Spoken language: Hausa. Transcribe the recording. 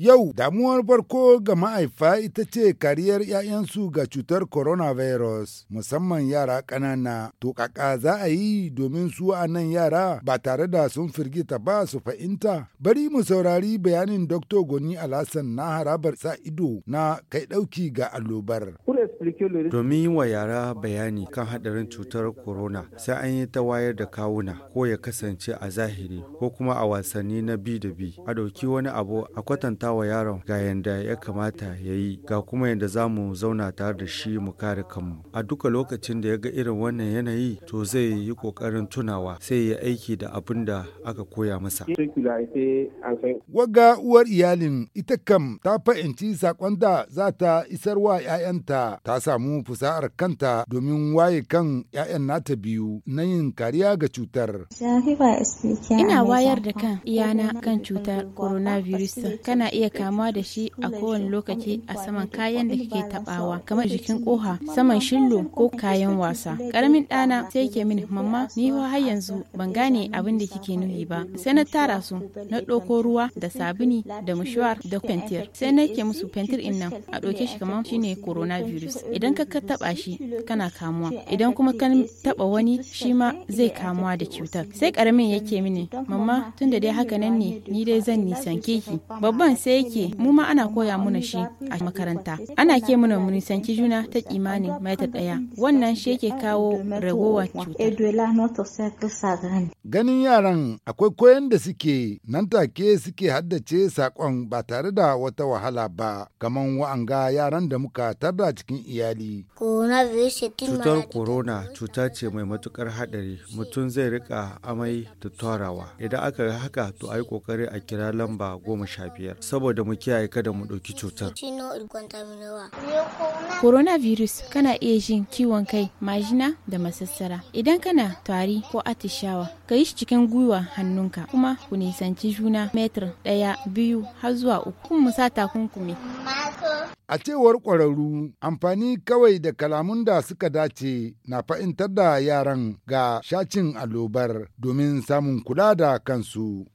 Yau damuwar farko ga ma'aifa ita ce kariyar 'ya'yansu ga cutar coronavirus musamman yara ƙanana. To kaka za a yi domin su a nan yara ba tare da sun firgita ba su fahimta. Bari mu saurari bayanin Dr. Goni Alhassan na harabar sa ido na kai ɗauki ga allobar. Domin yi wa yara bayani kan haɗarin cutar corona sai an yi ta wayar da kawuna ko ya kasance a zahiri ko kuma a wasanni na bi da bi a ɗauki wani abu a kwatanta wa yaron ga yanda ya kamata ya yi ga kuma yanda za mu zauna tare da shi mu kare kanmu a duka lokacin da ya ga irin wannan yanayi to zai yi kokarin tunawa sai ya aiki da abin da aka koya masa wagga uwar iyalin ita kam ta fahimci sakon da za ta wa 'ya'yanta ta samu fusa'ar kanta domin waye kan 'ya'yan nata biyu na yin kariya ga cutar ina wayar da kan iyana kan cutar coronavirus kana iya kamuwa da shi a kowane lokaci a saman kayan da kake tabawa kamar jikin koha saman shillo ko kayan wasa karamin ɗana sai ke mini mamma ni har yanzu ban gane abin da kike nuni ba sai na tara su na ɗauko ruwa da sabuni da mushuwar da fentir sai na ke musu fentir in nan a ɗauke shi kamar shine coronavirus idan ka taɓa shi kana kamuwa idan kuma ka taɓa wani shi ma zai kamuwa da cutar sai karamin yake mini mamma tunda dai haka nan ne ni dai zan nisan keki?" babban sai yake mu ma ana koya muna shi a makaranta ana ke muna mu juna ta kimanin maita daya wannan shi yake kawo ragowa cutar ganin yaran akwai koyan da suke nan take suke haddace sakon ba tare da wata wahala ba kamar wa'anga yaran da muka tarda cikin iyali cutar corona cuta ce mai matukar hadari mutum zai rika amai da torawa idan aka yi haka to yi kokari a kira lamba goma sha biyar saboda mu kiyaye kada mu ɗauki cutar. Coronavirus kana iya jin kiwon kai, majina da masassara. Idan kana tari ko atishawa, ka yi cikin gwiwa hannunka kuma ku nisanci juna metar ɗaya biyu har zuwa uku. Kun musa takunkumi. A cewar ƙwararru, amfani kawai da kalamun da suka dace na fa'intar da yaran ga shacin allobar domin samun kula da kansu.